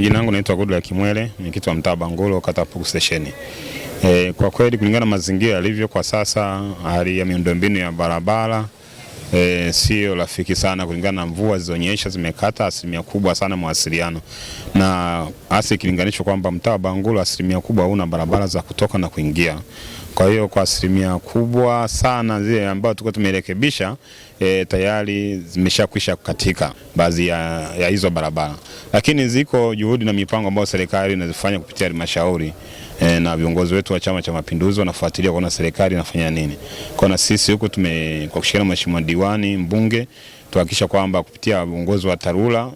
Majina yangu naitwa Godla Kimwele, mwenyekiti wa mtaa Bangulo, kata Pugu Station. E, kwa kweli kulingana na mazingira yalivyo kwa sasa, hali ya miundombinu ya barabara e, sio rafiki sana kulingana na mvua zilizonyesha zimekata asilimia kubwa sana mawasiliano, na hasa ikilinganishwa kwamba mtaa Bangulo asilimia kubwa hauna barabara za kutoka na kuingia. Kwa hiyo kwa asilimia kubwa sana zile ambazo tulikuwa tumerekebisha e, tayari zimeshakwisha katika baadhi ya, ya hizo barabara, lakini ziko juhudi na mipango ambayo serikali inazifanya kupitia halmashauri e, na viongozi wetu wa Chama cha Mapinduzi wanafuatilia kuona serikali inafanya nini. Kwa na sisi huku tume kwa kushirikiana na Mheshimiwa diwani mbunge tuhakikisha kwamba kupitia uongozi wa TARURA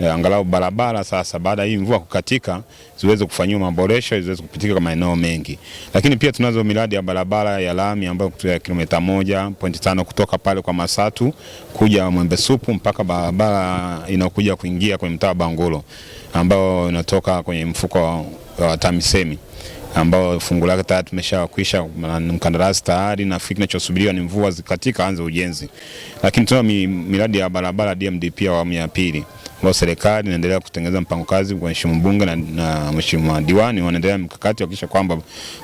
e, angalau barabara sasa baada ya hii mvua kukatika ziweze kufanyiwa maboresho ziweze kupitika kwa maeneo mengi, lakini pia tunazo miradi ya barabara ya lami ambayo kutoka kilomita moja pointi tano kutoka pale kwa Masatu kuja Mwembe Supu mpaka barabara inayokuja kuingia kwenye mtaa Bangulo ambayo inatoka kwenye mfuko wa TAMISEMI ambao fungu lake tayari tumeshakwisha mkandarasi tayari, na fikiri kinachosubiriwa ni mvua zikatika, anze ujenzi. Lakini tuna miradi ya barabara DMDP awamu ya pili ambayo serikali inaendelea kutengeneza mpango kazi kwa mheshimiwa mbunge na, na mheshimiwa diwani wanaendelea mkakati kuhakikisha kwamba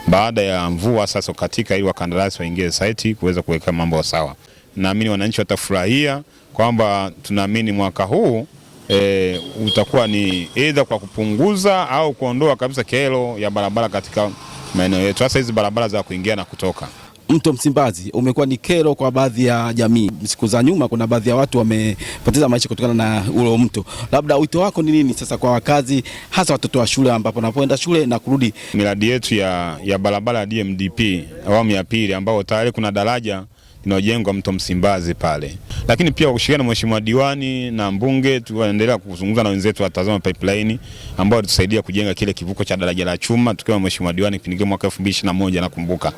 baada ya mvua sasa katika ili wakandarasi waingie saiti kuweza kuweka mambo sawa. Naamini wananchi watafurahia kwamba tunaamini mwaka huu e, utakuwa ni aidha kwa kupunguza au kuondoa kabisa kero ya barabara katika maeneo yetu, hasa hizi barabara za kuingia na kutoka. Mto Msimbazi umekuwa ni kero kwa baadhi ya jamii. Siku za nyuma, kuna baadhi ya watu wamepoteza maisha kutokana na ule mto. Labda wito wako ni nini sasa kwa wakazi, hasa watoto wa shule ambapo wanapoenda shule na kurudi? Miradi yetu ya, ya barabara ya DMDP awamu ya pili, ambao tayari kuna daraja inayojengwa mto Msimbazi pale, lakini pia kwa kushirikiana na mheshimiwa diwani na mbunge tunaendelea kuzungumza na wenzetu wa Tazama Pipeline ambao walitusaidia kujenga kile kivuko cha daraja la chuma tukiwa na mheshimiwa diwani kipindi kile mwaka 2021 nakumbuka,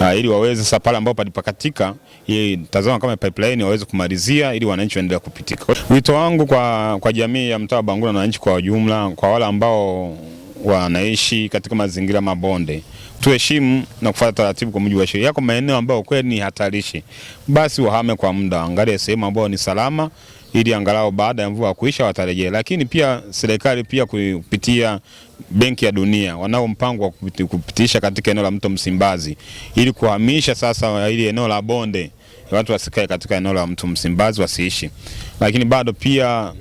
na ili waweze sasa pale ambao palipakatika hii Tazama kama pipeline waweze kumalizia ili wananchi waendelee kupitika. Wito wangu kwa, kwa jamii ya mtaa wa Bangura na wananchi kwa ujumla, kwa wale ambao wanaishi katika mazingira mabonde. Tuheshimu na kufuata taratibu kwa mujibu wa sheria. Yako maeneo ambayo kweli ni hatarishi, basi wahame kwa muda, angalie sehemu ambayo ni salama, ili angalau baada ya mvua kuisha watarejea. Lakini pia serikali pia kupitia Benki ya Dunia wanao mpango wa kupitisha katika eneo la mto Msimbazi ili kuhamisha sasa ili eneo la bonde watu wasikae katika eneo la mto Msimbazi wasiishi, lakini bado pia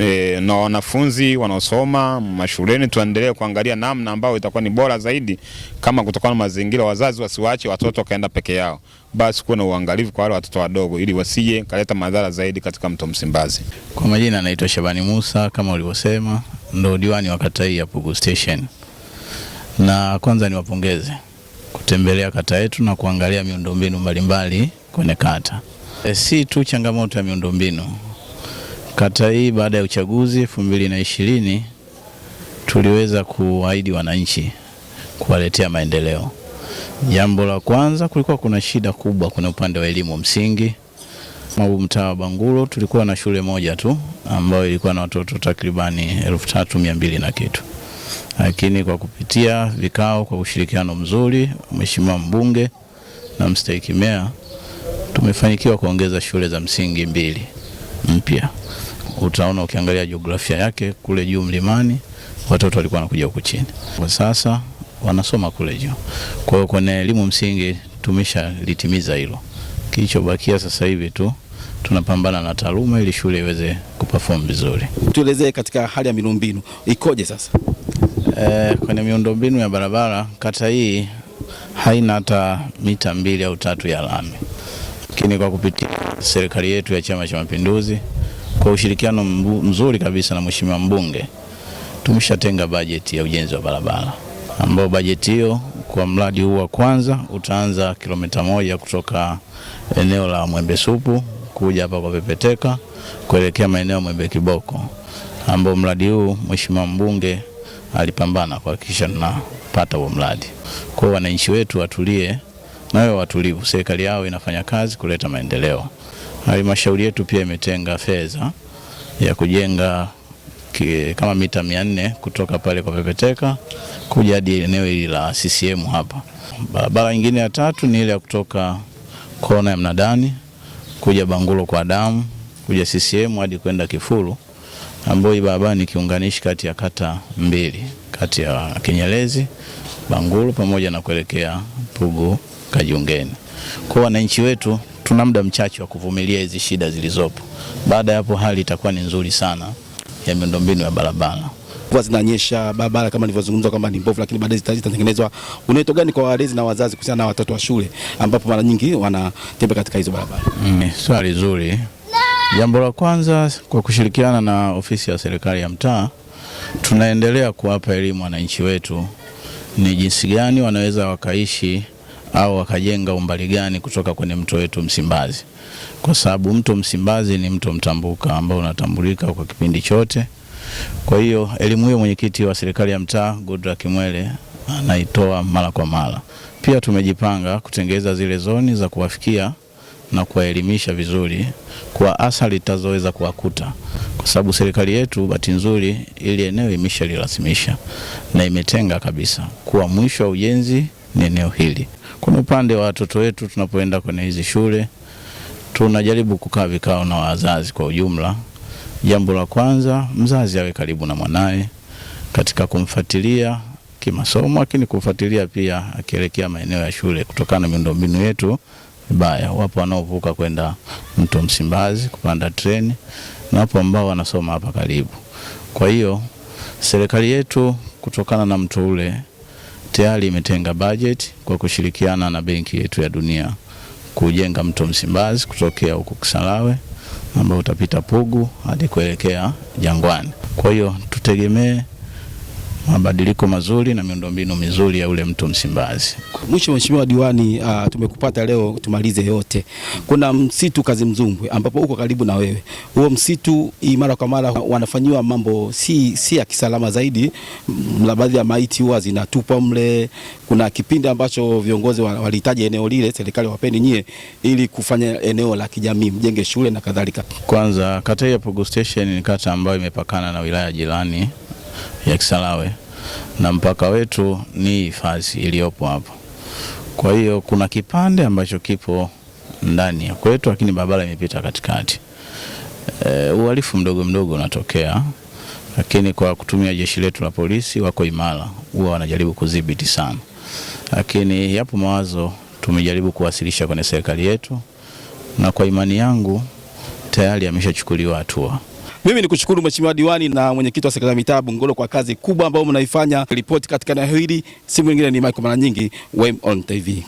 E, na wanafunzi wanaosoma mashuleni tuendelee kuangalia namna ambayo itakuwa ni bora zaidi, kama kutokana na mazingira, wazazi wasiwaache watoto wakaenda peke yao, basi kuwe na uangalifu kwa wale watoto wadogo, ili wasije kaleta madhara zaidi katika mto Msimbazi. Kwa majina anaitwa Shabani Musa, kama ulivyosema, ndo diwani wa kata hii ya Pugu Station, na kwanza niwapongeze kutembelea kata yetu na kuangalia miundombinu mbalimbali kwenye kata, e, si tu changamoto ya miundombinu Kata hii baada ya uchaguzi elfu mbili na ishirini tuliweza kuahidi wananchi kuwaletea maendeleo. Jambo la kwanza, kulikuwa kuna shida kubwa kwenye upande wa elimu msingi. Huu mtaa wa Bangulo tulikuwa na shule moja tu ambayo ilikuwa na watoto takribani elfu tatu mia mbili na kitu, lakini kwa kupitia vikao, kwa ushirikiano mzuri Mheshimiwa mbunge na mstahiki meya tumefanikiwa kuongeza shule za msingi mbili mpya utaona ukiangalia jiografia yake kule juu mlimani watoto walikuwa wanakuja huku chini, kwa sasa wanasoma kule juu. Kwa hiyo kwenye elimu msingi tumeshalitimiza hilo. Kilichobakia sasa hivi tu tunapambana na taaluma ili shule iweze kuperform vizuri. Tuelezee katika hali ya miundombinu ikoje sasa? E, kwenye miundombinu ya barabara kata hii haina hata mita mbili au tatu ya lami, lakini kwa kupitia serikali yetu ya Chama cha Mapinduzi kwa ushirikiano mzuri kabisa na mheshimiwa mbunge tumeshatenga bajeti ya ujenzi wa barabara, ambao bajeti hiyo kwa mradi huu wa kwanza utaanza kilomita moja kutoka eneo la Mwembe Supu kuja hapa kwa Pepeteka kuelekea maeneo Mwembe Kiboko, ambao mradi huu mheshimiwa mbunge alipambana kuhakikisha tunapata huo mradi. Kwa hiyo wananchi wetu watulie, nawe watulivu, serikali yao inafanya kazi kuleta maendeleo. Halmashauri yetu pia imetenga fedha ya kujenga kama mita mia nne kutoka pale kwa Pepeteka kuja hadi eneo hili la CCM hapa. Barabara nyingine ya tatu ni ile ya kutoka kona ya Mnadani kuja Bangulo kwa damu kuja CCM hadi kwenda Kifuru, ambayo hii barabara ni kiunganishi kati ya kata mbili, kati ya Kinyerezi Bangulo pamoja na kuelekea Pugu Kajungeni. Kwa wananchi wetu tuna muda mchache wa kuvumilia hizi shida zilizopo. Baada ya hapo hali itakuwa ni nzuri sana ya miundombinu ya barabara. Mvua zinanyesha, barabara kama nilivyozungumza kwamba ni mbovu, lakini baadaye zitatengenezwa. Unaito gani kwa walezi na wazazi kuhusiana na watoto wa shule ambapo mara nyingi wanatembea katika hizo barabara? Mm, swali zuri. Jambo la kwanza, kwa kushirikiana na ofisi ya serikali ya mtaa, tunaendelea kuwapa elimu wananchi wetu ni jinsi gani wanaweza wakaishi au wakajenga umbali gani kutoka kwenye mto wetu Msimbazi, kwa sababu mto Msimbazi ni mto mtambuka ambao unatambulika kwa kipindi chote. Kwa hiyo elimu hiyo mwenyekiti wa serikali ya mtaa Goodluck Mwele anaitoa mara kwa mara. Pia tumejipanga kutengeza zile zoni za kuwafikia na kuwaelimisha vizuri kwa athari itazoweza kuwakuta, kwa sababu serikali yetu bahati nzuri ili eneo imeshalirasimisha na imetenga kabisa kuwa mwisho wa ujenzi ni eneo hili. Kuna upande wa watoto wetu, tunapoenda kwenye hizi shule tunajaribu kukaa vikao na wazazi kwa ujumla. Jambo la kwanza, mzazi awe karibu na mwanaye katika kumfuatilia kimasomo, lakini kumfuatilia pia akielekea maeneo ya shule, kutokana na miundombinu yetu baya. Wapo wanaovuka kwenda mto Msimbazi kupanda treni na wapo ambao wanasoma hapa karibu. Kwa hiyo serikali yetu kutokana na mto ule tayari imetenga budget kwa kushirikiana na benki yetu ya Dunia kujenga mto Msimbazi kutokea huko Kisarawe ambao utapita Pugu hadi kuelekea Jangwani. Kwa hiyo tutegemee mabadiliko mazuri na miundombinu mizuri ya ule mto Msimbazi. Mwisho mheshimiwa diwani, uh, tumekupata leo tumalize yote. Kuna msitu Kazimzumbwi ambapo uko karibu na wewe. Huo msitu mara kwa mara wanafanyiwa mambo si, si ya kisalama zaidi, na baadhi ya maiti huwa zinatupwa mle. Kuna kipindi ambacho viongozi walihitaji eneo lile, serikali wapeni nyie, ili kufanya eneo la kijamii, mjenge shule na kadhalika. Kwanza kata ya Pogo Station ni kata ambayo imepakana na wilaya jirani ya Kisarawe na mpaka wetu ni hifadhi iliyopo hapo. Kwa hiyo kuna kipande ambacho kipo ndani ya kwetu, lakini barabara imepita katikati. E, uhalifu mdogo mdogo unatokea, lakini kwa kutumia jeshi letu la polisi wako imara, huwa wanajaribu kudhibiti sana, lakini yapo mawazo tumejaribu kuwasilisha kwenye serikali yetu, na kwa imani yangu tayari ameshachukuliwa hatua. Mimi ni kushukuru Mheshimiwa diwani na mwenyekiti wa serikali ya mitaa Bungolo kwa kazi kubwa ambayo mnaifanya. Ripoti katika eneo hili, simu nyingine ni Michael Mara Nyingi, Wem ON TV.